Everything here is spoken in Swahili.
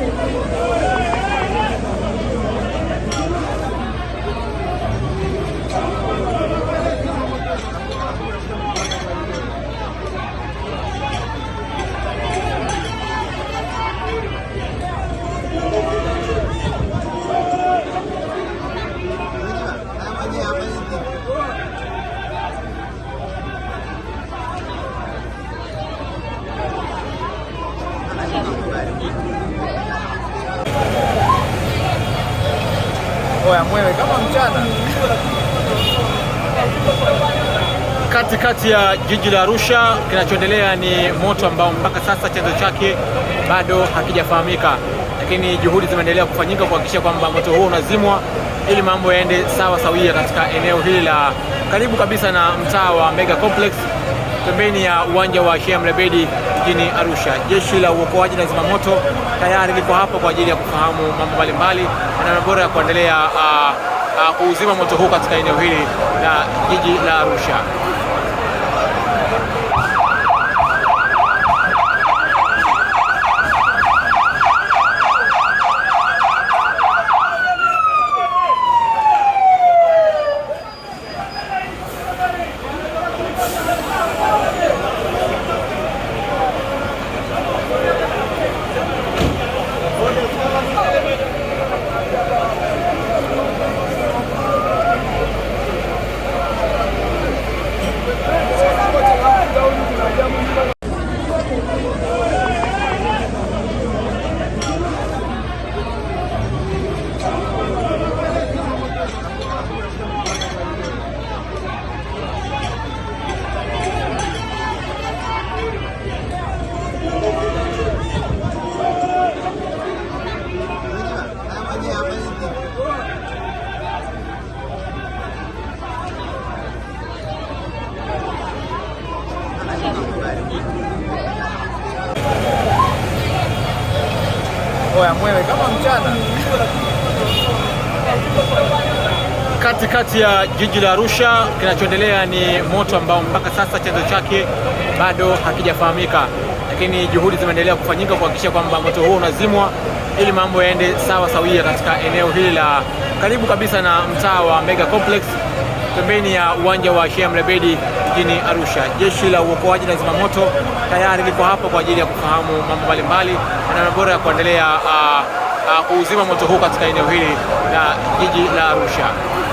Thank mambo ya mwewe kama mchana katikati kati ya jiji la Arusha. Kinachoendelea ni moto ambao mpaka sasa chanzo chake bado hakijafahamika, lakini juhudi zimeendelea kufanyika kuhakikisha kwamba moto huo unazimwa ili mambo yaende sawa sawia katika eneo hili la karibu kabisa na mtaa wa Mega Complex pembeni ya uwanja wa Sheikh Amri Abeid jijini Arusha. Jeshi la uokoaji na zimamoto tayari liko hapa kwa ajili ya kufahamu mambo mbalimbali na namna bora ya kuendelea uh, uh, kuuzima moto huu katika eneo hili la jiji la Arusha. mambo ya mwewe kama mchana katikati kati ya jiji la Arusha. Kinachoendelea ni moto ambao mpaka sasa chanzo chake bado hakijafahamika, lakini juhudi zimeendelea kufanyika kuhakikisha kwamba moto huo unazimwa ili mambo yaende sawa sawia katika eneo hili la karibu kabisa na mtaa wa Mega Complex pembeni ya uwanja wa Sheikh Amri Abeid jijini Arusha. Jeshi la uokoaji na zimamoto tayari liko hapa kwa ajili ya kufahamu mambo mbalimbali na namna bora ya kuendelea uh, uh, kuuzima moto huu katika eneo hili la jiji la Arusha.